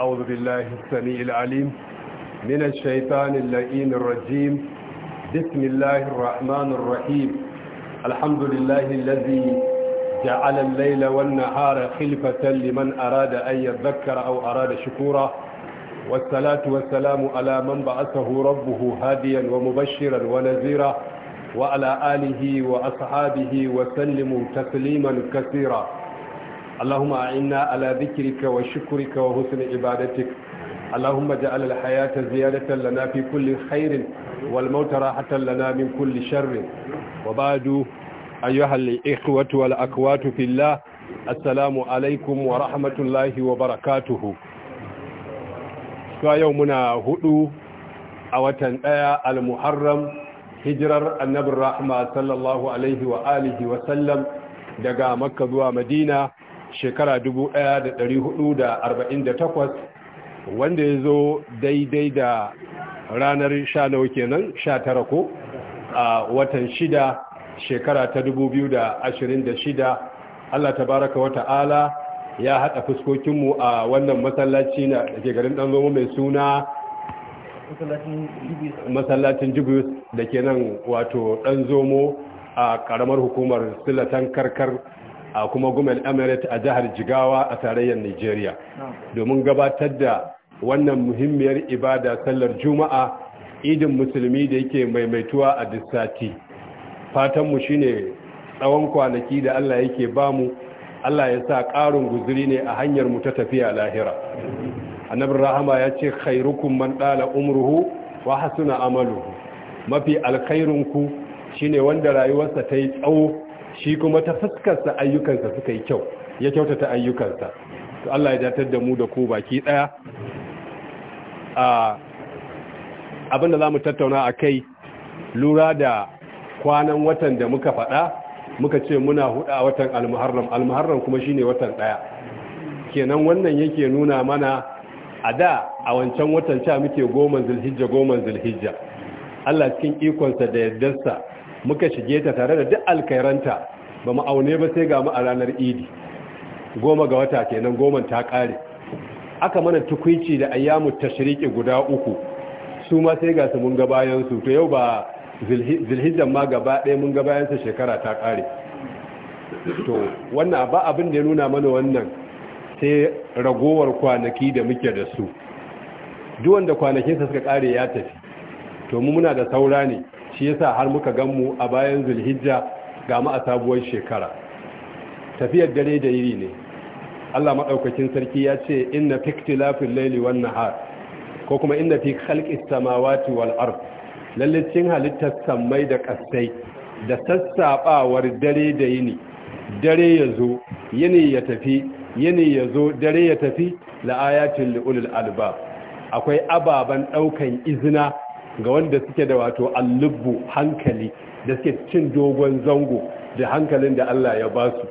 أعوذ بالله السميع العليم من الشيطان اللئيم الرجيم بسم الله الرحمن الرحيم الحمد لله الذي جعل الليل والنهار خلفة لمن أراد أن يذكر أو أراد شكورا والصلاة والسلام على من بعثه ربه هاديا ومبشرا ونذيرا وعلى آله وأصحابه وسلموا تسليما كثيرا اللهم أعنا على ذكرك وشكرك وحسن عبادتك اللهم اجعل الحياة زيادة لنا في كل خير والموت راحة لنا من كل شر وبعد أيها الإخوة والأكوات في الله السلام عليكم ورحمة الله وبركاته يومنا هدو أوتن آية المحرم hijirar annabin rahama sallallahu alaihi wa alihi wa sallam daga makka zuwa madina shekara 1448 wanda ya zo daidai da ranar sha nawa kenan sha tara ko a watan shida shekara ta 2026 Allah ta baraka wa ta'ala ya haɗa fuskokinmu a wannan matsalaci na da ke garin zoma mai suna masallacin jibus da ke nan wato zomo a ƙaramar hukumar silatan karkar a kuma gumen emirate a jihar jigawa a tarayyar nigeria domin gabatar da wannan muhimmiyar ibada sallar juma'a idin musulmi da yake maimaituwa a dissati fatanmu shine tsawon kwanaki da allah yake bamu allah ya sa ƙarin guzuri ne a hanyar mu ta tafiya lahira annabin rahama ya ce khairukum man ɗala umruhu wa hasuna amaluhu mafi alkhairunku shine wanda rayuwarsa ta yi tsawo shi kuma ta fuskarsa ayyukansa suka yi kyau ya kyautata ayyukansa to Allah ya datar da mu da ku baki daya a abinda zamu tattauna a kai lura da kwanan watan da muka faɗa muka ce muna hudu a watan al-muharram al-muharram kuma shine watan daya kenan wannan yake nuna mana a da a wancan watan sha muke goma zulhijja goma zulhijja Allah cikin ikonsa da yardarsa muka shige ta tare da duk alkairanta ba mu aune ba sai ga mu a ranar idi goma ga wata kenan goma ta kare aka mana tukuici da ayyamu tashriki guda uku su ma sai ga su mun ga bayan su to yau ba zilhijjan ma gaba ɗaya mun ga bayan su shekara ta kare to wannan ba abin da ya nuna mana wannan sai ragowar kwanaki da muke da su duk wanda kwanakinsa suka kare ya tafi to mu muna da saura ne shi yasa har muka gan mu a bayan zulhijja ga mu a sabuwar shekara tafiyar dare da yiri ne Allah madaukakin sarki ya ce inna fi ikhtilafil layli wan nahar ko kuma inna fi khalqis samawati wal ard lalle cin halittar sammai da kasai da sassabawar dare da yini dare yazo yini ya tafi yini yazo dare ya tafi la ayatin li albab akwai ababan daukan izina ga wanda suke da wato allubu hankali da suke cin dogon zango da hankalin da Allah ya ba su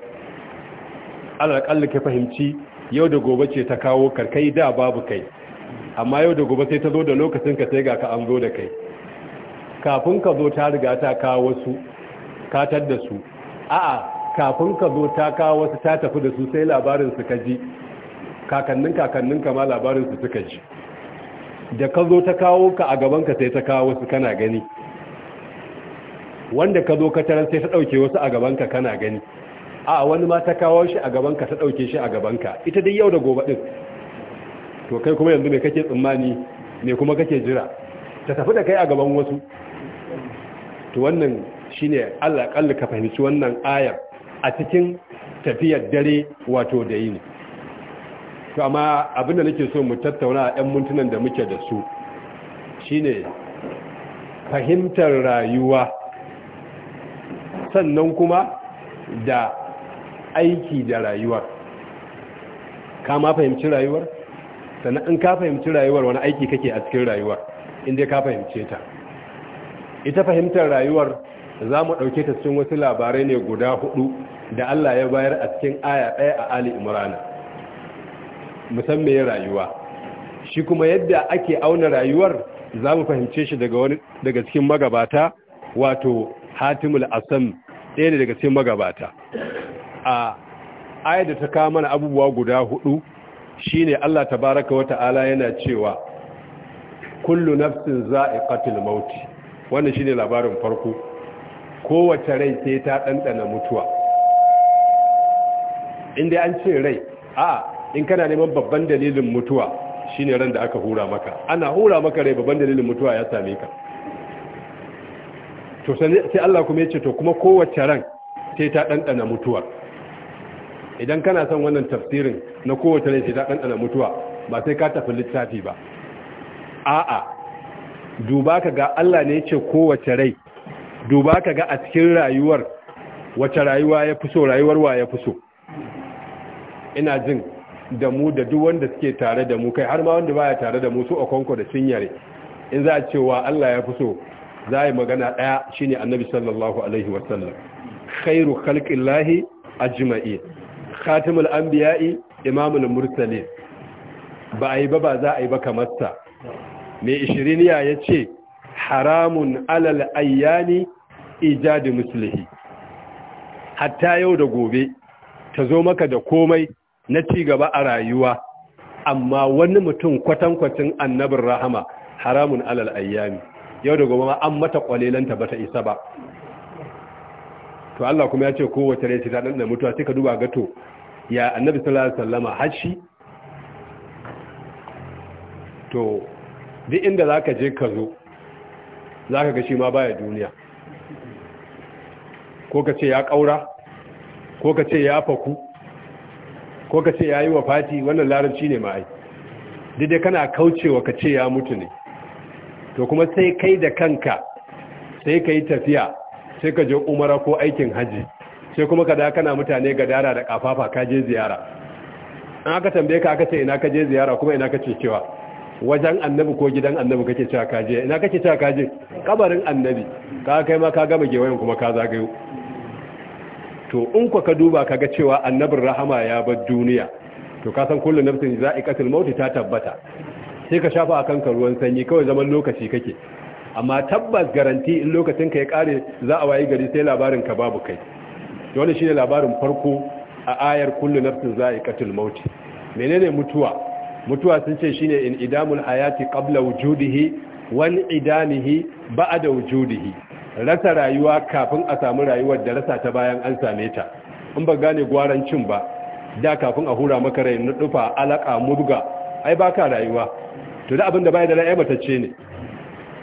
alaƙalla ka fahimci yau da gobe ce ta kawo karkai da babu kai amma yau da gobe sai ta zo da lokacin ka sai ga ka an zo da kai kafin ka zo ta riga ta kawo wasu katar da su a'a kafin ka zo ta kawo wasu ta tafi da su sai labarin su ka ji kakannin kakannin kama labarin su suka ji da ka zo ta kawo ka a gabanka sai ta kawo wasu kana gani wanda ka zo ka tarar sai ta ɗauke wasu a gabanka kana gani a wani ma ta kawo shi a gabanka ta ɗauke shi a gabanka ita dai yau da gobe ɗin to kai kuma yanzu me kake tsammani ne kuma kake jira ta tafi da kai a gaban wasu to wannan shine Allah kalli ka fahimci wannan ayar a cikin tafiyar dare wato da yini to amma abinda nake so mu tattauna a 'yan mintunan da muke da su shine fahimtar rayuwa sannan kuma da aiki da rayuwar ka ma fahimci rayuwar sannan in ka fahimci rayuwar wani aiki kake a cikin rayuwar inda ka fahimce ta ita fahimtar rayuwar za mu ɗauke ta cikin wasu labarai ne guda hudu da Allah ya bayar a cikin aya ɗaya a Ali Imrana musamman ya rayuwa shi kuma yadda ake auna rayuwar za mu fahimce shi daga daga cikin magabata wato hatimul asam ɗaya ne daga cikin magabata a ayar da ta kawo mana abubuwa guda hudu ne Allah ta baraka tabaraka wata'ala yana cewa kullu nafsin katil mauti. wannan shi ne labarin farko kowace rai sai ta ɗanɗana mutuwa inda an ce rai a in kana neman babban dalilin mutuwa shine ran da aka hura maka ana hura maka rai babban dalilin mutuwa ya same ka to sai Allah kuma ya ce to kuma kowace ran sai ta ɗanɗana mutuwa idan kana son wannan tafsirin na kowace rai sai ta ɗanɗana mutuwa ba sai ka tafi littafi ba a'a duba ka ga Allah ne ya ce kowace rai duba ka ga a cikin rayuwar wace rayuwa ya fi so rayuwar wa ya fi so ina jin da mu da duk wanda suke tare da mu kai har ma wanda baya tare da mu su okonko da cinyare in za a cewa Allah ya fi so za a yi magana ɗaya shine annabi sallallahu alaihi wasallam khairu khalqillahi ajma'in khatimul anbiya'i imamul mursalin ba a yi ba ba za a yi ba kamar sa mai ishiriniya ya ce haramun alal ayyani ijadi muslihi hatta yau da gobe ta zo maka da komai na ci gaba a rayuwa amma wani mutum kwatankwacin annabin rahama haramun alal ayyami yau da gobe an mata kwalelanta ta isa ba to Allah kuma ya ce kowace rai ta dan mutuwa sai ka duba ga to ya annabi sallallahu alaihi wasallama hashi to duk inda zaka je ka zo zaka ga shi ma baya duniya ko ka ce ya kaura ko ka ce ya faku ko ka ce ya yi wa fati wannan larabci ne ma'ai daidai kana kaucewa ka ce ya mutu ne to kuma sai kai da kanka sai ka yi tafiya sai ka je umara ko aikin hajji sai kuma ka da kana mutane ga dara da kafafa ka je ziyara an aka tambaye ka aka ce ina ka je ziyara kuma ina ka ce cewa wajen annabi ko gidan annabi kake cewa ka je ina kake cewa ka je kabarin annabi ka kai ma ka gama gewayen kuma ka zagayo to in ka duba kaga cewa annabin rahama ya bar duniya to ka san kullu nafsin za'iqatul maut ta tabbata sai ka shafa akan ka ruwan sanyi kawai zaman lokaci kake amma tabbas garanti in lokacin ka ya kare za a wayi gari sai labarin ka babu kai to wannan shine labarin farko a ayar kullu nafsin za'iqatul maut menene mutuwa mutuwa sun ce shine in idamul hayati qabla wujudihi wal idanihi ba'da wujudihi rasa rayuwa kafin a samu rayuwar da rasa ta bayan an same ta in ba gane cin ba da kafin a hura maka rai na dufa alaka murga ai baka rayuwa to da abin da bai da rai ce ne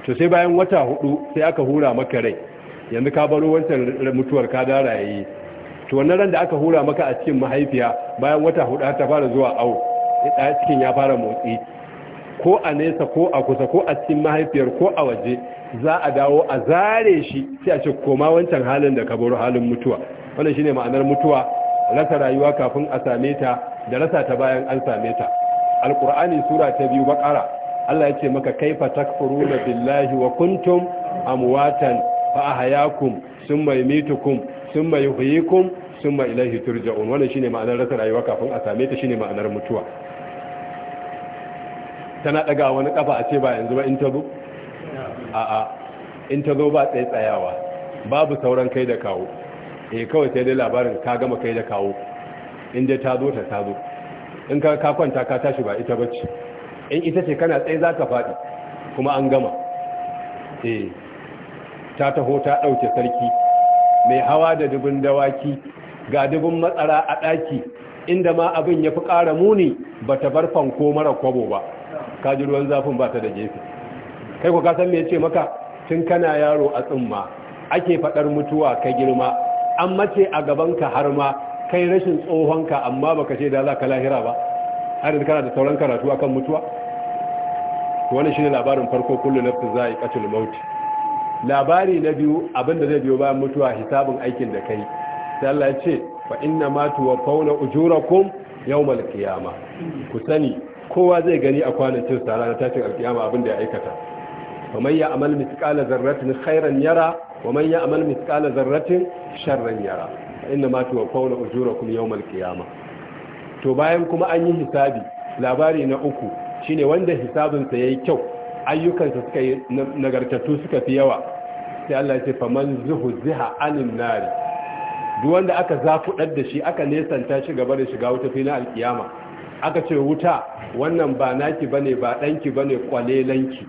to sai bayan wata hudu sai aka hura maka rai yanzu ka baro wancan mutuwar ka da rayayi to wannan ran da aka hura maka a cikin mahaifiya bayan wata hudu ta fara zuwa awo cikin ya fara motsi ko a nesa ko a kusa ko a cikin mahaifiyar ko a waje za a dawo a zare shi sai a ce koma wancan halin da ka baro halin mutuwa wannan shine ma'anar mutuwa rasa rayuwa kafin a same ta da rasa ta bayan an same ta alqur'ani sura ta biyu bakara Allah ya ce maka kaifa takfuruna billahi wa kuntum amwatan fa ahyaakum thumma yumitukum thumma yuhyikum thumma ilayhi turja'un wannan shine ma'anar rasa rayuwa kafin a same ta shine ma'anar mutuwa tana daga wani kafa a ce ba yanzu ba in ta zo a'a in ta zo ba tsaye tsayawa babu sauran kai da kawo E, kawai sai dai labarin ka gama kai da kawo in dai ta zo ta ta zo in ka ka kwanta ka tashi ba ita bacci in ita ce kana tsaye za ka faɗi kuma an gama E, ta taho ta ɗauke sarki mai hawa da dubun dawaki ga dubun matsara a ɗaki inda ma abin ya fi ƙara muni ba ta bar fanko mara kwabo ba ji ruwan zafin ba ta da gefe kai ko ka san me yace maka tun kana yaro a tsumma ake fadar mutuwa ka girma an mace a gaban ka har ma kai rashin tsohonka amma baka ce da za ka lahira ba har da kana da sauran karatu akan mutuwa to wannan shine labarin farko kullu nafsin za'iqatul maut labari na biyu abinda zai biyo bayan mutuwa hisabin aikin da kai sai Allah ya ce fa inna ma fauna ujurakum yawmal qiyamah ku sani kowa zai gani a cin sa ranar tashin alkiyama abinda ya aikata wa يعمل مثقال mithqala خيرا يرى ومن wa مثقال ya'mal شرا يرى انما توفون اجوركم يوم القيامه to bayan kuma an yi hisabi labari na uku shine wanda sa yayi kyau ayyukansa suka yi nagartattu suka fi yawa sai Allah ya ce faman zuhziha anin nari duk wanda aka zafuɗar da shi aka nesanta shi gaba da shiga wuta fina alkiyama aka ce wuta wannan ba naki bane ba danki bane kwalelanki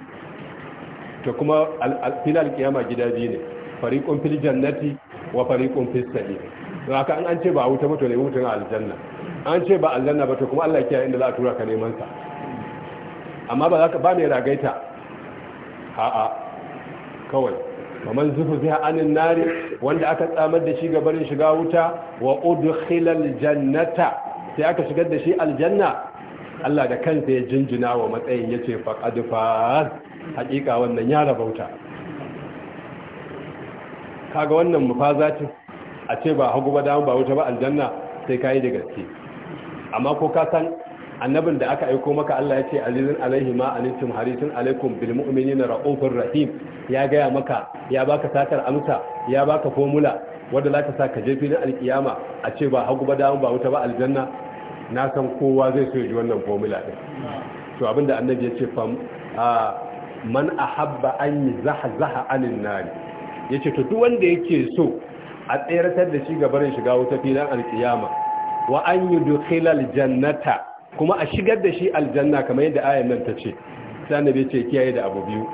to kuma filal kiyama gida biyu ne fariqun fil jannati wa fariqun fil sa'ir don haka an ce ba wuta ba mutane aljanna an ce ba aljanna ba to kuma Allah kiyaye inda za a tura ka neman sa amma ba za ka ba mai ragaita a'a kawai Kamar zufu zai anin nari wanda aka tsamar da shi gabarin shiga wuta wa udkhilal jannata sai aka shigar da shi aljanna Allah da kansa ya jinjina wa matsayin yace faqad faz hakika wannan ya rabauta kaga wannan mufazatin a ce ba hagu ba damu ba wuta ba aljanna sai kayi da gaske amma ko ka san annabin da aka aiko maka Allah ya ce alizin alaihi ma anitum haritun alaikum bil mu'minina raufur rahim ya gaya maka ya baka satar amsa ya baka formula wanda zaka sa ka je filin alkiyama a ce ba hagu ba damu ba wuta ba aljanna na san kowa zai so ya ji wannan formula din to abinda annabi ya ce fam man ahabba an yi zaha-zaha anin nari ya ce duk wanda yake so a tseratar da shi gabarin shiga wuta filan alkiyama wa an yi dukhilal jannata kuma a shigar da shi aljanna kamar yadda ayan nan ta ce Sani bai ce kiyaye da abu biyu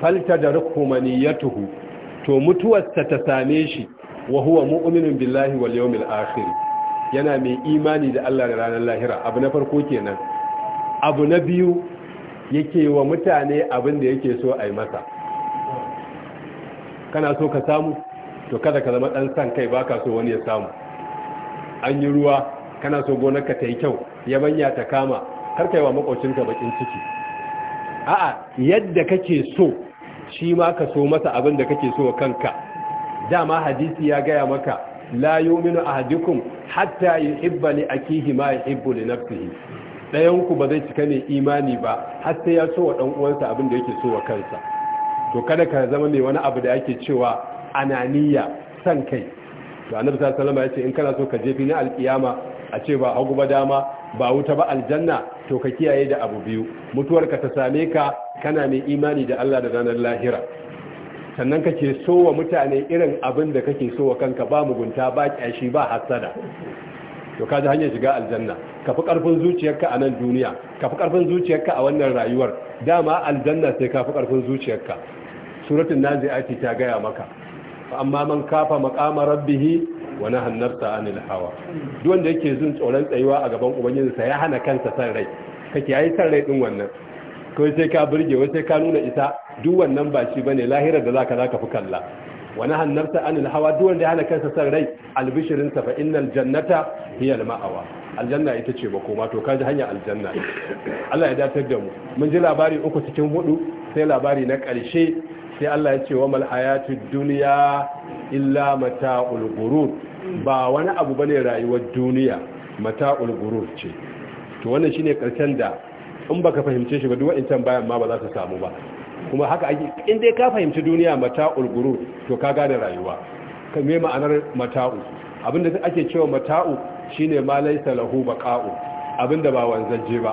falta da tuhu to mutuwarsa ta same shi wa huwa billahi wal yawmil akhir yana mai imani da Allah da ranar lahira abu na farko kenan abu na biyu yake wa mutane abin da yake so a yi masa kana so ka samu to kada ka zama ɗan san kai baka so wani ya samu an yi ruwa kana so gonar ka yi kyau yabanya ta kama har kai wa makocinka bakin ciki a'a yadda kake so shi ma ka so masa abin da kake so kanka dama hadisi ya gaya maka la yu'minu ahadukum hatta yuhibba li akihi ma yuhibbu li nafsihi ɗayanku ba zai cika ne imani ba har sai ya so wa ɗan uwansa abin da yake so wa kansa to kada ka zama mai wani abu da yake cewa ananiya san kai to annabi sallallahu alaihi ya ce in kana so ka jefi na alkiyama a ce ba hagu ba dama ba wuta ba aljanna to ka kiyaye da abu biyu mutuwar ka ta same ka kana mai imani da Allah da ranar lahira sannan kake so wa mutane irin abin da kake so wa kanka ba mugunta ba kyashi ba hasada to ji hanyar shiga aljanna ka fi karfin zuciyarka a nan duniya ka fi karfin zuciyarka a wannan rayuwar dama aljanna sai ka fi karfin zuciyarka suratul nazi'ati ta gaya maka amma man kafa maqama rabbih wa nahan nafsa anil hawa duk wanda yake jin tsoron tsayuwa a gaban ubanginsa, ya hana kansa san rai kake yayi san rai din wannan kawai sai ka burge wai sai ka nuna isa duk wannan ba shi bane lahirar da zaka zaka fi kalla wani hannarta anil hawa duk wanda ya hana kansa san rai albishirin sa fa innal jannata hiya al ma'awa aljanna ita ce ba, kuma to kaji hanya aljanna Allah ya datar da mu mun ji labari uku cikin hudu sai labari na karshe sai Allah ya ce wa mal hayatud dunya illa mata'ul ghurur ba wani abu bane rayuwar duniya mata'ul ghurur ce to wannan shine karshen da in baka fahimce shi ba duk wa'incan bayan ma ba za su samu ba kuma haka ake in dai ka fahimci duniya mata'ul gurur to ka gane rayuwa ka me ma'anar mata'u abinda ake cewa mata'u shine ma laysa lahu baqa'u abinda ba wanzaje ba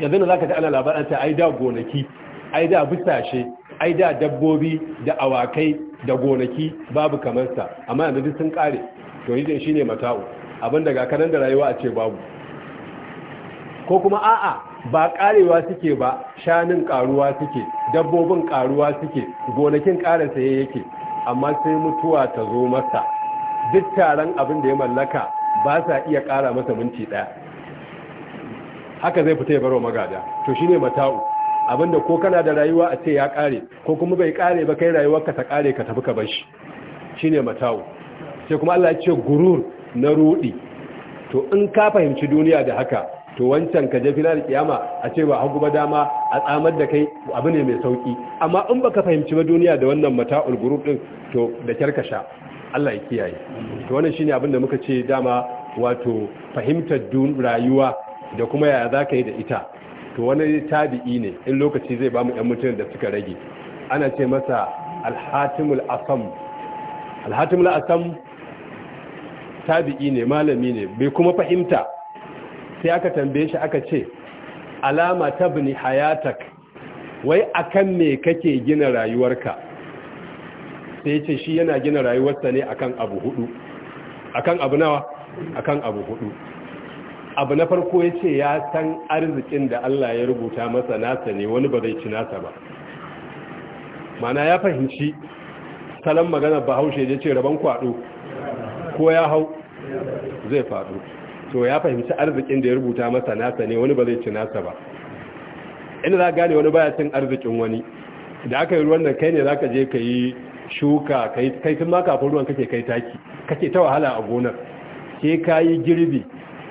yanzu da zaka ji ana labaran ta ai gonaki ai bisashe ai dabbobi da awakai da gonaki babu kamar sa amma yanzu sun kare to yi shine mata'u abinda ga kanan da rayuwa a ce babu ko kuma a'a ba karewa suke ba shanin karuwa suke dabbobin karuwa suke gonakin kara saye yake amma sai mutuwa ta zo masa duk taron abin da ya mallaka ba sa iya kara masa minti daya haka zai fita ya baro magada to shine mata'u abinda ko kana da rayuwa a ce ya kare ko kuma bai kare ba kai rayuwar ka ta kare ka tafi ka bar shi shine mata'u sai kuma Allah ya ce gurur na rudi to in ka fahimci duniya da haka to wancan ka je filar kiyama a ce ba hagu ba dama a tsamar da kai abu ne mai sauki amma in baka fahimci ba duniya da wannan mata'ul gurub din to da kyarkasha Allah ya kiyaye to wannan shine abin da muka ce dama wato fahimtar rayuwa da kuma yaya za ka yi da ita to wani tabi'i ne in lokaci zai ba mu yan mutum da suka rage ana ce masa alhatimul asam alhatimul asam tabi'i ne malami ne bai kuma fahimta sai aka tambaye shi aka ce alama tabni hayatak wai akan me kake gina rayuwarka sai ce shi yana gina rayuwarsa ne akan abu hudu akan abu nawa akan abu hudu abu na farko ya ce ya san arzikin da Allah ya rubuta masa nasa ne wani ba zai ci nasa ba mana ya fahimci salon magana bahaushe ya ce rabon kwado ko ya hau zai faɗo to ya fahimci arzikin da ya rubuta masa nasa ne wani ba zai ci nasa ba inda za gane wani baya cin arzikin wani da aka yi ruwan kai ne za ka je ka yi shuka kai sun ma kafin ruwan kake kai taki kake ta wahala a gonar sai ka yi girbi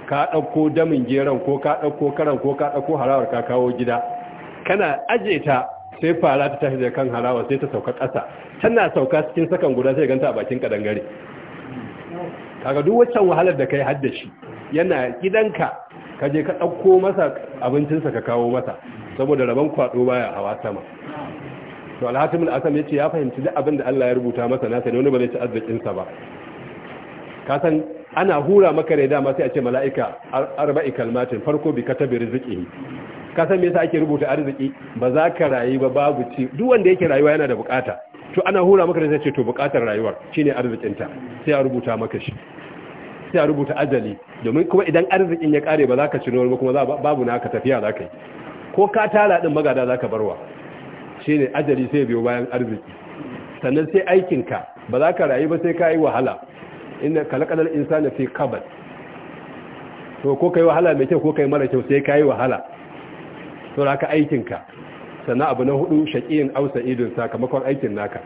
ka ɗauko damin geron ko ka ɗauko karan ko ka ɗauko harawar ka kawo gida kana aje ta sai fara ta tashi da kan harawa sai ta sauka ƙasa tana sauka cikin sakan guda sai ganta a bakin kadangare kaga duk waccan wahalar da kai haddashi yana gidanka ka je ka ɗauko masa abincinsa ka kawo masa saboda rabon kwaɗo baya hawa sama to alhatimin asam ce ya fahimci duk abin da Allah ya rubuta masa nasa ne wani ba zai ci arzikinsa ba ka san ana hura maka rai dama sai a ce mala'ika arba'i kalmatin farko bi tabi rizqihi ka san me yasa ake rubuta arziki ba za ka rayu ba babu ci duk wanda yake rayuwa yana da bukata to ana hura maka rai sai ce to bukatar rayuwar shine arzikin ta sai a rubuta maka shi sai a rubuta ajali domin kuma idan arzikin ya kare ba za ka cinuwar ba kuma babu ka tafiya za ka yi ko ka tara din magada za ka barwa shi ne ajali sai biyo bayan arziki sannan sai aikinka ba za ka rayu ba sai ka yi wahala inda kalakalar insani fi kabal to ko ka yi wahala mai kyau ko ka yi mara kyau sai ka yi wahala to raka aikinka sannan abu na hudu shaƙiyin ausa idon sakamakon aikin naka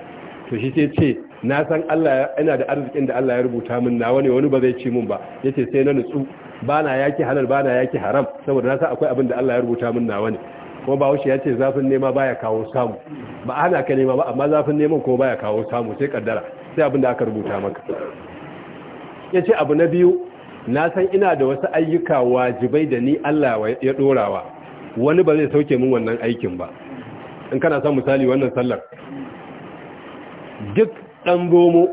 to shi sai ce na san Allah ina da arzikin da Allah ya rubuta min na wani wani ba zai ci min ba yace sai na nutsu bana yaki halal bana yaki haram saboda na san akwai abin da Allah ya rubuta min na wani Ko ba wuce yace zafin nema baya kawo samu ba ana ka nema ba amma zafin neman ko baya kawo samu sai kaddara sai abin da aka rubuta maka yace abu na biyu na san ina da wasu ayyuka wajibai da ni Allah ya dorawa wani ba zai sauke min wannan aikin ba in kana son misali wannan sallar duk ɗan gomo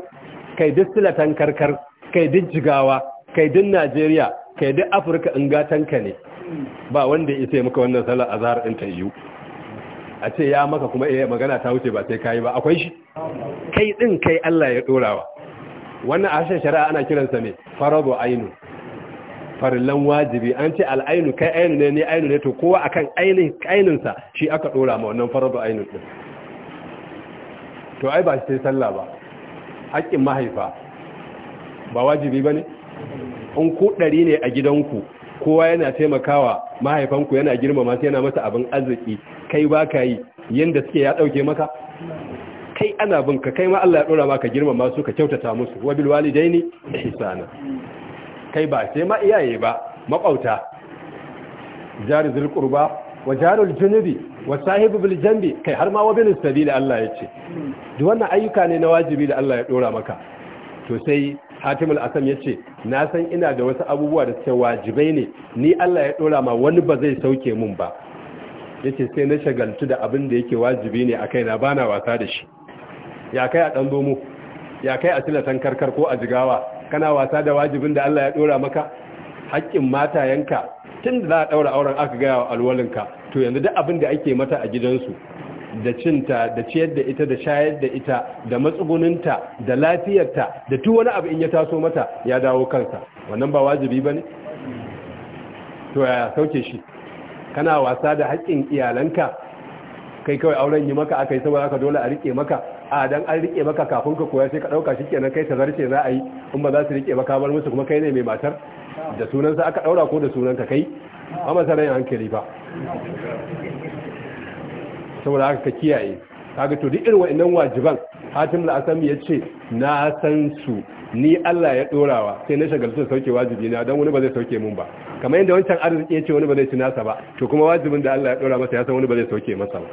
kai duk silatan karkar kai duk jigawa kai duk najeriya kai duk afirka in gatanka ne ba wanda ya isa maka wannan salar a zahar ta yiwu a ce ya maka kuma iya eh, magana ta wuce ba sai yi ba akwai shi kai ɗin kai Allah ya wa. wannan a shari'a ana kiransa ne farago ainu farillan wajibi an ce al'ainu kai ainu ne ne ainu ne to kowa akan ainin ainin sa shi aka ɗora ma wannan farago ainu din to ai ba shi sai sallah ba haƙƙin mahaifa ba wajibi ba ne in ku ɗari ne a gidanku kowa yana taimakawa mahaifanku yana girmama sai yana masa abin arziki kai ba ka yi yadda suke ya ɗauke maka kai ana bin ka kai ma Allah ya ɗora maka girmama su ka kyautata musu wa bil walidaini ihsana kai ba sai ma iyaye ba maƙauta jari zul qurba wa jarul junubi wa sahibu bil janbi kai har ma wa bin sabili Allah yace ce duk wannan ayyuka ne na wajibi da Allah ya dora maka to sai hatimul al-Asam yace na san ina da wasu abubuwa da suke wajibai ne ni Allah ya dora ma wani ba zai sauke mun ba yace sai na shagaltu da abin da yake wajibi ne akai na bana wasa da shi ya kai a dan domo ya kai a silatan karkar ko a jigawa kana wasa da wajibin da Allah ya dora maka haƙƙin matayenka tun da za a ɗaura auren aka gaya wa alwalinka to yanzu duk abin da ake mata a gidansu da cinta da ciyar da ita da shayar da ita da matsuguninta da lafiyarta da tu wani abu in ya taso mata ya dawo kansa wannan ba wajibi ba ne? to ya sauke shi kana wasa da haƙƙin iyalanka kai kawai auren yi maka aka yi saboda aka dole a rike maka a dan an rike maka kafin ka koya sai ka ɗauka shi kenan kai ta zarce za a yi in ba za su rike maka bar musu kuma kai ne mai matar da sunansa aka daura ko da sunanka kai a masarai hankali ba saboda haka ka kiyaye kaga to duk irin wa'annan wajiban hatim al ya ce na san su ni Allah ya dorawa sai na shagaltu sauke wajibi na dan wani ba zai sauke mun ba kamar yadda wancan arziki ya ce wani ba zai ci nasa ba to kuma wajibin da Allah ya dora masa ya san wani ba zai sauke masa ba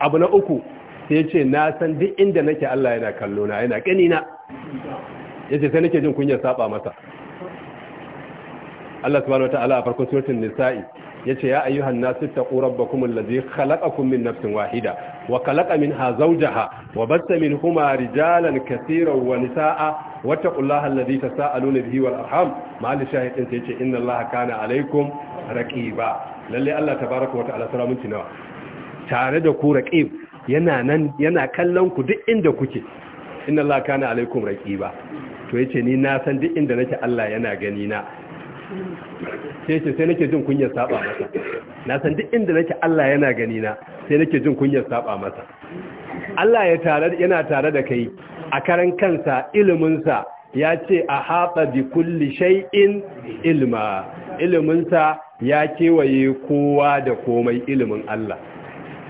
abu na uku sai ya ce na san duk inda nake Allah yana kallo na yana gani na Ya ce sai nake jin kunyar saba masa Allah subhanahu wataala a farkon suratul nisa'i yace ya ayyuhan nasu taqu rabbakum allazi khalaqakum min nafsin wahida wa khalaqa minha zawjaha wa batta minhuma rijalan katiran wa nisaa wattaqullaha allazi tasaaluna bihi wal arham ma'al shahidin yace inna allaha alaykum, alaikum raqiba lalle Allah tabaaraka wataala sura mun tinawa tare da ku raqib yana nan yana kallon ku duk inda kuke inna allaha alaykum alaikum raqiba to yace ni na san duk inda nake Allah yana gani na sai ce sai nake jin kunyar saba masa na san duk inda nake Allah yana gani na sai nake jin kunyar saba masa Allah ya tare yana tare da kai a karan kansa ilimin sa ya ce a haɓa bi kulli shay'in ilma ilimin sa ya kewaye kowa da komai ilimin Allah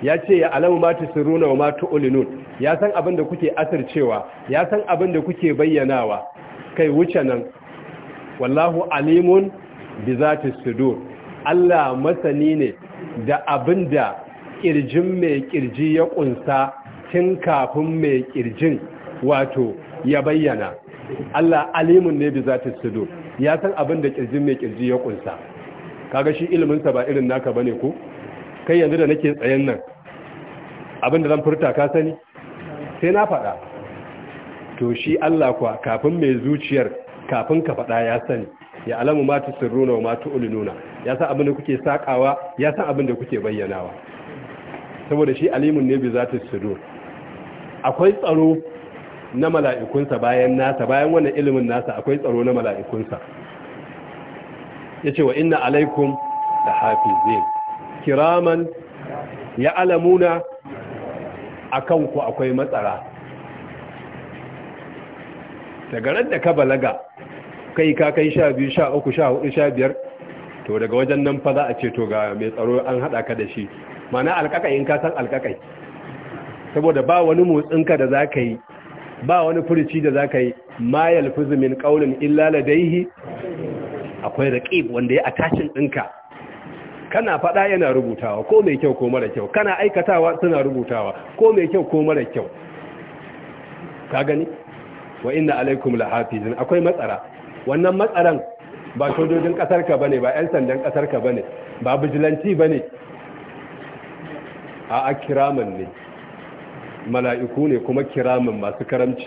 ya ce ya alamu ma tusiruna wa ma tu'linun ya san abin da kuke asircewa ya san abin da kuke bayyanawa kai wuce nan wallahu alimun bi zati sudur Allah masani ne da abin da kirjin mai kirji ya kunsa tun kafin mai kirjin wato ya bayyana Allah alimun ne bi zati sudur ya san abin da kirjin mai kirji ya kunsa kaga shi ilimin sa ba irin naka bane ko kai yanzu da nake tsayen nan abin da zan furta ka sani sai na faɗa to shi Allah kuwa kafin mai zuciyar kafin ka faɗa ya sani ya alamu ma tusirruna wa ma tu'linuna ya san abin da kuke sakawa ya san abin da kuke bayyanawa saboda shi alimun ne bi zata sudur akwai tsaro na mala'ikunsa bayan nasa bayan wannan ilimin nasa akwai tsaro na mala'ikunsa yace wa inna alaikum da kiraman ya alamuna a kanku akwai matsara daga ran da ka balaga kai ka kai sha biyu sha uku sha hudu sha biyar to daga wajen nan fa za a ce to ga mai tsaro an haɗa ka da shi mana alƙaƙa in ka san alƙaƙai saboda ba wani motsin ka da za ka yi ba wani furici da za ka yi ma yalfuzu min ƙaunin illa ladaihi akwai raƙib wanda ya attachin ɗinka kana faɗa yana rubutawa ko mai kyau ko mara kyau kana aikatawa suna rubutawa ko mai kyau ko mara kyau ka gani wa inna alaikum lahafizin akwai matsara wannan matsaran ba sojojin kasar ka bane ba yan sandan kasar ka bane ba bijilanci bane a akiraman ne mala'iku ne kuma kiramin masu karamci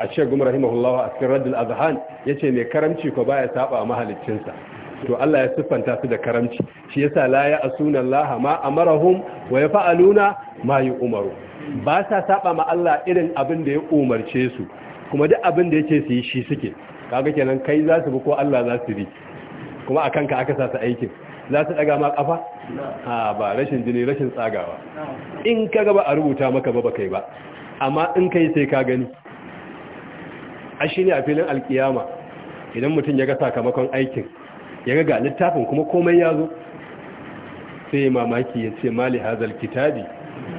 a shegum rahimahullahu a cikin raddul azhan ce mai karamci ko baya saba mahaliccinsa to Allah ya siffanta su da karamci shi yasa la ya asuna Allah ma amarahum wa yafaluna ma yu'maru ba sa saba ma Allah irin abin da ya umarce su kuma duk abin da yake su yi shi suke kaga kenan kai za su bi ko Allah za su bi kuma akan ka aka sa su aikin za su daga ma kafa ha ba rashin jini rashin tsagawa in ka gaba a rubuta maka ba kai ba amma in kai sai ka gani a shi ne a filin alkiyama idan mutum ya ga sakamakon aikin ya ga littafin kuma komai ya zo sai mamaki ya ce mali hazal kitabi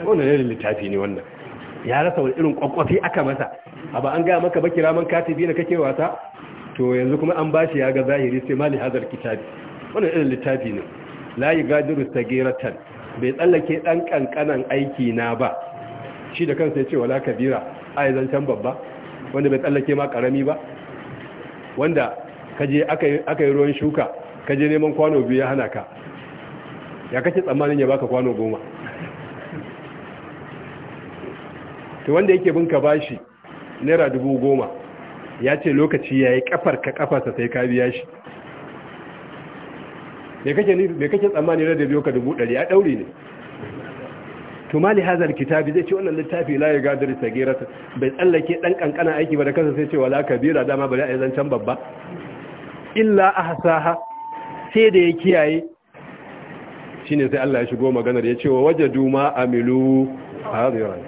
wanda ne littafi ne wannan ya rasa wani irin kwakwafi aka masa a ba an gaya maka ba raman katibi na kake wasa to yanzu kuma an bashi ya ga zahiri sai mali hazal kitabi wannan irin littafi ne la yugadiru sagiratan bai tsallake ɗan kankanan aiki na ba shi da kansa ya ce wala kabira yi zancen babba wanda bai tsallake ma karami ba wanda kaje aka yi ruwan shuka kaje neman kwano biyu ya hana ka ya kake tsammanin ya baka kwano goma to wanda yake bin ka bashi naira dubu goma ya ce lokaci ya yi kafar ka kafarsa sai ka biya shi me kake tsammanin da biyo ka dubu ɗari ya ɗauri ne to mali hazar kitabi zai ce wannan littafi la ya gadar sagirata bai tsallake ɗan kankana aiki ba da kansa sai ce wala kabira dama bari a yi zancen babba illa ahsaha sai da ya kiyaye shine sai Allah ya shigo maganar ya ce wa wajadu ma amilu hadiran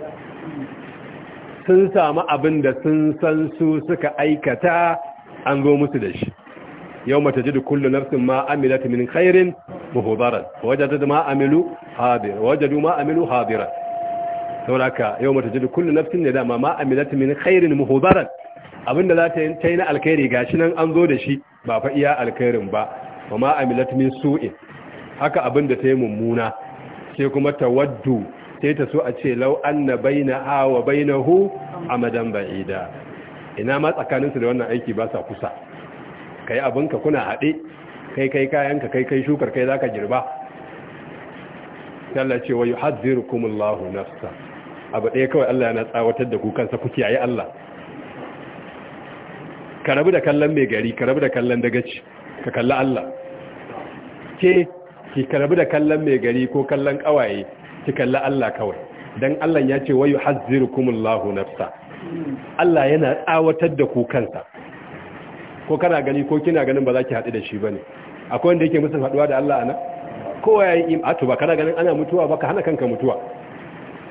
sun samu abin da sun san su suka aikata an zo musu da shi yau mata jidu kullu nafsin ma amilat min khairin muhudaran wajadu ma amilu hadir wajadu ma amilu hadiran sauraka yau mata jidu kullu nafsin da ma amilat min khairin muhudaran abinda za ta yi na alkhairi gashi nan an zo da shi ba fa iya alkhairin ba wa ma amilat min su'in haka abin da ta yi mummuna sai kuma tawaddu sai ta so a ce lau anna bainaha wa bainahu amadan ba'ida ina ma tsakanin da wannan aiki ba sa kusa kai abinka kuna haɗe kai kai ka kai kai shukar kai zaka girba Allah ce wa yuhadhdhirukumullahu nafsa abu ɗaya kawai Allah yana tsawatar da ku kansa ku kiyaye Allah ka rabu da kallon mai gari ka rabu da kallon dagaci ka kalli Allah ke ki ka rabu da kallon mai gari ko kallon kawaye ki kalli Allah kawai dan Allah ya ce wayu hazzirukumullahu nafsa Allah yana tsawatar da ku kansa ko kana gani ko kina ganin ba za ki haɗu da shi bane akwai wanda yake musu haɗuwa da Allah ana kowa yayi im ba kana ganin ana mutuwa ba ka hana kanka mutuwa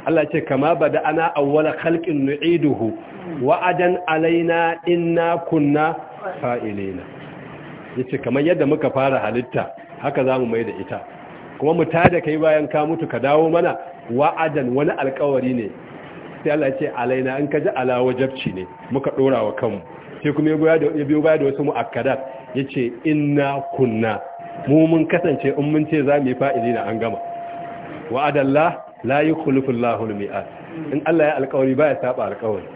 Allah ce kama bada ana awwala khalqin nu'iduhu wa'adan alaina inna kunna fa'ilina yace kamar yadda muka fara halitta haka zamu mai da ita kuma mu tada kai bayan ka mutu ka dawo mana wa'adan wani alƙawari ne sai Allah ce alaina in ka ji ala wajabci ne muka dora wa kanmu sai kuma ya biyo baya da wasu mu'akkadat yace inna kunna mu mun kasance in mun ce za yi fa'ilina an gama wa'adallah la yi kulufin lahul miad in Allah ya alƙawari baya saba alkawari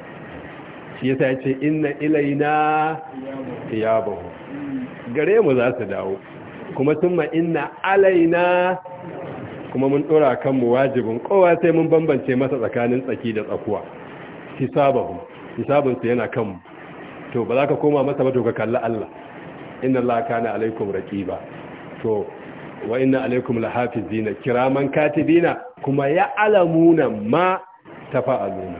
shi ya yasa yace inna ilaina bahu gare mu za su dawo kuma ma ina alaina kuma mun dora kan wajibin kowa sai mun bambance masa tsakanin tsaki da tsakuwa hisabahu hisabun su yana kanmu to ba za ka koma masa ba to ka kalli Allah inna Allah kana alaikum raqiba to wa inna alaikum lahafizina kiraman katibina kuma ya alamuna ma ta fa’aluna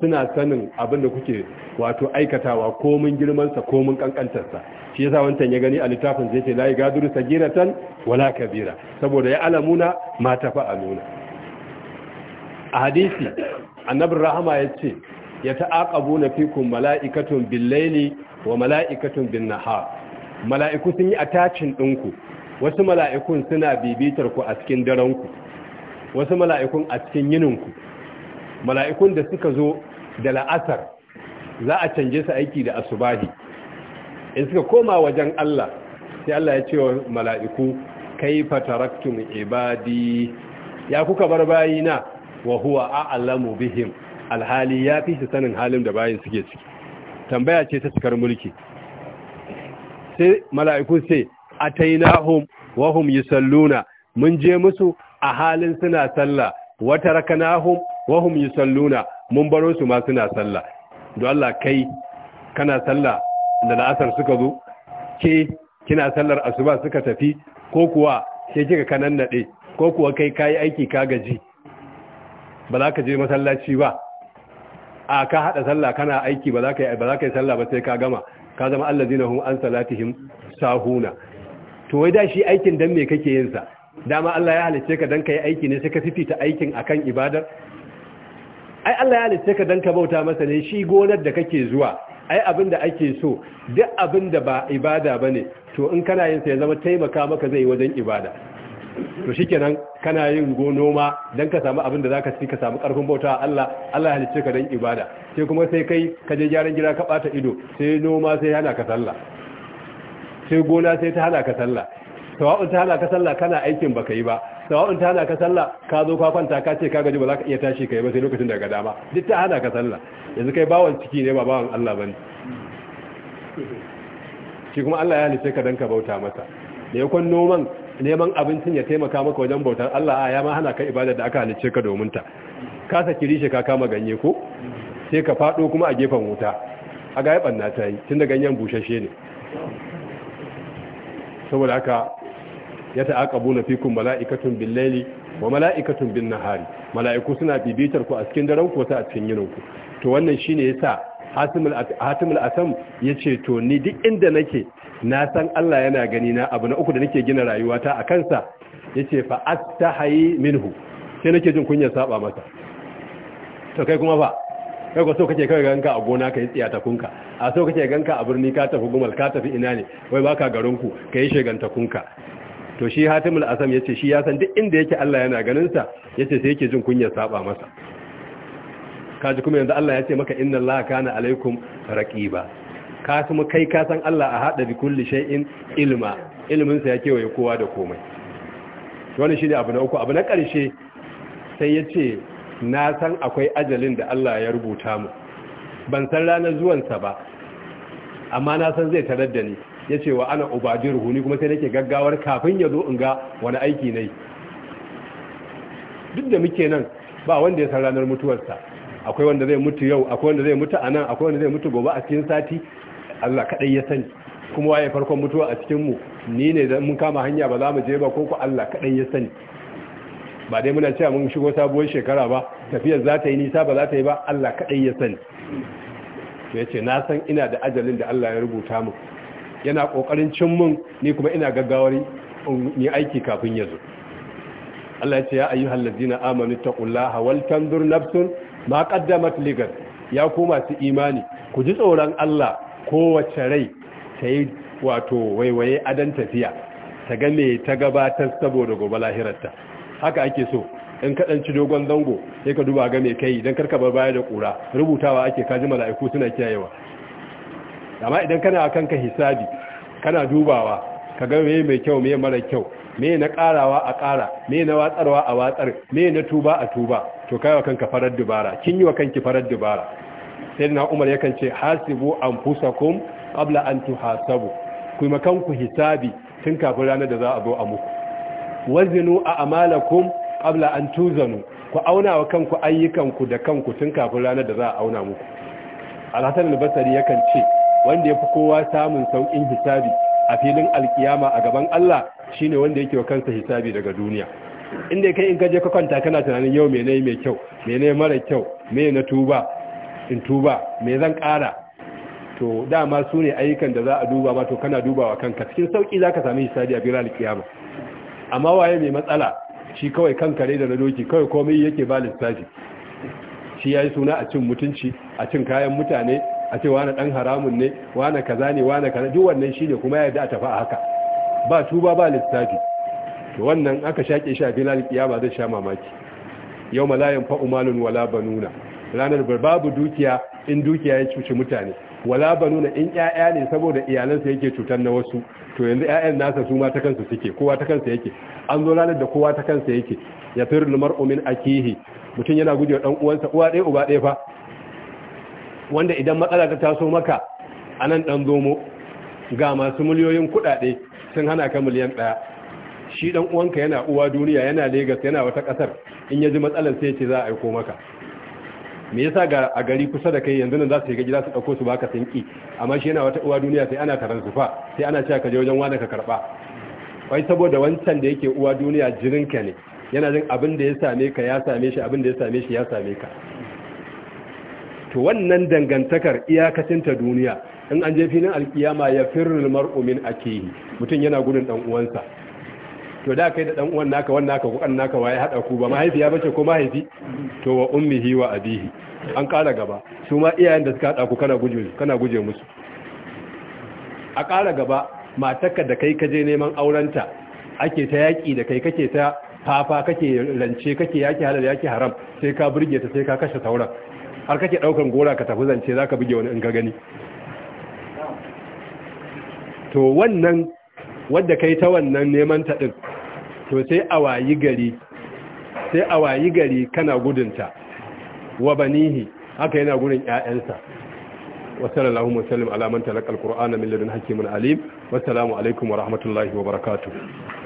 suna sanin abinda kuke wato aikatawa komin girmansa komin kankantarsa shi yasa wancan ya gani a littafin zai ce ta gina sagiratan wala kabira saboda ya alamuna ma ta fa’aluna a hadisi annabin rahama ya ce ya ta'aƙa na fikun mala'ikatun billaili wa mala'ikatun bin Naha, mala'iku sun yi a attachin ɗinku wasu mala'ikun suna bibitar ku a cikin daren ku wasu mala'ikun a cikin yininku mala'ikun da suka zo da la'asar za a canje su aiki da asubahi in suka koma wajen Allah sai Allah ya ce wa mala'iku kai fataraktun ibadi ya kuka bar bayi na wa huwa a'lamu bihim alhali ya fi su sanin halin da bayin suke ciki tambaya ce ta cikar mulki sai mala'iku sai a ta yi atainahum wa hum salluna. mun je musu a halin suna sallah wa taraknahum wa hum yusalluna mun baro su ma suna sallah don Allah kai kana sallah da la'asar suka zo ke kina sallar asuba suka tafi ko kuwa ke kika kanan nade ko kuwa kai kai aiki ka gaji ba za ka je masallaci ba a ka hada sallah kana aiki ba za ka ba za ka yi sallah ba sai ka gama ka zama allazina hum an salatihim sahuna to wai da shi aikin dan me kake yin sa dama Allah ya halice ka ka yi aiki ne sai ka fifita aikin akan ibadar ai Allah ya halice ka don ka bauta masa ne shi gonar da kake zuwa ai abin da ake so duk abin da ba ibada ba ne to in kana yin sai ya zama taimaka maka zai wajen ibada to kenan kana yin gonoma don ka samu abin da zaka fi ka samu karfin bauta Allah Allah ya halice ka don ibada sai kuma sai kai ka je gyaran gida ka bata ido sai noma sai hana ka sallah sai gona sai ta hana ka sallah sawa'un ta hana ka sallah kana aikin baka yi ba sawa'un ta hana ka sallah ka zo ka kwanta ka ce ka gaji ba za ka iya tashi yi ba sai lokacin daga dama duk ta hana ka sallah yanzu kai bawan ciki ne ba bawan Allah bane shi kuma Allah ya halice ka dan ka bauta masa da yakon noman neman abincin ya taimaka maka wajen bautar Allah ya ma hana ka ibada da aka halice ka domin ta ka saki rishe ka kama ganye ko sai ka fado kuma a gefen wuta a ga ya banna ta yi tunda ganyen bushashe ne saboda haka ya ta'aqabuna fikum mala'ikatun bil laili wa mala'ikatun bin nahari mala'iku suna bibitar ku a cikin daren ku a cikin yinin ku to wannan shine yasa hatimul hatimul asam yace to ni duk inda nake na san Allah yana gani na abu na uku da nake gina rayuwata a kansa yace fa astahi minhu sai nake jin kunya saba masa to kai kuma fa kai ko so kake kai ganka a gona kai tsiya ta kunka a so kake ganka a birni ka tafi gumal ka tafi ina ne wai baka garin ku kai ta kunka to shi hatimul asam ya ce shi ya san duk inda yake Allah yana ganinsa ya ce sai yake jin kunyar saba masa kaji kuma yanzu Allah ya ce maka inna Allah kana alaikum raqiba ka kuma kai ka san Allah a hada bi kulli shay'in ilma ilmin sa ya kewaye kowa da komai wannan shine abu na uku abu na karshe sai yace ce na san akwai ajalin da Allah ya rubuta mu ban san ranar zuwan sa ba amma na san zai tarar da ni ya ce wa ana ubadiruhu ruhuni kuma sai nake gaggawar kafin ya zo in ga wani aiki na yi duk da muke nan ba wanda ya san ranar mutuwarsa akwai wanda zai mutu yau akwai wanda zai mutu a nan akwai wanda zai mutu gobe a cikin sati Allah kaɗai ya sani kuma waye farkon mutuwa a cikinmu ni ne da mun kama hanya ba za mu je ba koko Allah kaɗai ya sani ba dai muna cewa mun shigo sabuwar shekara ba tafiyar za ta yi nisa ba za ta yi ba Allah kaɗai ya sani to yace na san ina da ajalin da Allah ya rubuta mu yana kokarin cin mun ni kuma ina gaggawar ni aiki kafin ya zo Allah ya ce ya ayyuhal ladina amanu taqullaha wal tanzur nafsun ma qaddamat ligat ya ku masu imani ku ji tsoron Allah kowace rai ta wato waiwaye adan tafiya ta ga me ta gabatar saboda gobe lahirarta haka ake so in kaɗanci dogon zango sai ka duba ga me kai don karka bar baya da ƙura rubutawa ake kaji mala'iku suna kiyayewa amma idan kana a kanka hisabi kana dubawa ka ga me mai kyau me mara kyau me na karawa a kara me na watsarwa a watsar me na tuba a tuba to kai wa kanka farar dubara kin yi wa kanki farar dubara na umar yakan ce hasibu anfusakum qabla an tuhasabu ku yi makanku hisabi tun kafin ranar da za a zo a muku wazinu a amalakum qabla an zanu, ku auna wa kanku ayyukanku da kanku tun kafin ranar da za a auna muku al-hasan al-basri yakan ce wanda ya fi kowa samun saukin hisabi a filin alkiyama a gaban Allah shine wanda yake wa kansa hisabi daga duniya inda kai in gaje ka kwanta kana tunanin yau me nayi mai kyau me nayi mara kyau me na tuba in tuba me zan kara to dama su ne ayyukan da za a duba ma to kana dubawa kanka cikin sauki zaka sami hisabi a filin alkiyama amma waye mai matsala shi kawai kan kare da na doki kawai komai yake ba lissafi shi ya yi suna a cin mutunci a cin kayan mutane a ce wane ɗan haramun ne wane kaza ne wane kaza duk wannan shine kuma ya da tafi a haka ba tuba ba lissafi wannan aka shaƙe shi a ya ba zai sha mamaki yau malayan fa'umalun wala nuna. ranar babu dukiya in dukiya ya cuci mutane wala nuna in ƴaƴa ne saboda iyalansa yake cutar na wasu to yanzu ƴaƴan nasa su ma ta kansu suke kowa ta kansa yake an zo ranar da kowa ta kansa yake ya firru mar'u min akihi mutum yana gujewa ɗan uwansa uwa ɗaya uba ɗaya fa wanda idan matsala ta taso maka a nan ɗan zomo ga masu miliyoyin kuɗaɗe sun hana ka miliyan ɗaya shi ɗan uwanka yana uwa duniya yana Legas yana wata ƙasar in ya ji matsalar sai ce za a aiko maka me yasa ga a gari kusa da kai yanzu nan za su yi gida su ɗauko su baka sun ƙi amma shi yana wata uwa duniya sai ana taron sai ana cewa ka je wajen wani ka karɓa wai saboda wancan da yake uwa duniya ka ne yana jin abin da ya same ka ya same shi abin da ya same shi ya same ka to wannan dangantakar iyakacinta duniya in an je filin alkiyama ya firrul mar'u min akihi mutum yana gudun dan uwansa to da kai da dan uwan naka wannan naka ko naka waye hada ku ba mahaifi ya bace ko mahaifi to wa ummihi wa abihi an kara gaba su ma iyayen da suka hada ku kana guje kana guje musu a kara gaba matarka da kai kaje neman aurenta ake ta yaki da kai kake ta fafa kake rance kake yaki halal yaki haram sai ka burge ta sai ka kashe sauran har kake daukan gora ka tafi zance zaka buge wani in ka gani to wannan wanda kai ta wannan neman ta din to sai a wayi gari sai a wayi gari kana gudunta wa banihi haka yana gudun ƴaƴansa wa sallallahu alaihi wa sallam ala man talaqa alqur'ana min ladun hakimin alim wa assalamu alaikum wa rahmatullahi wa barakatuh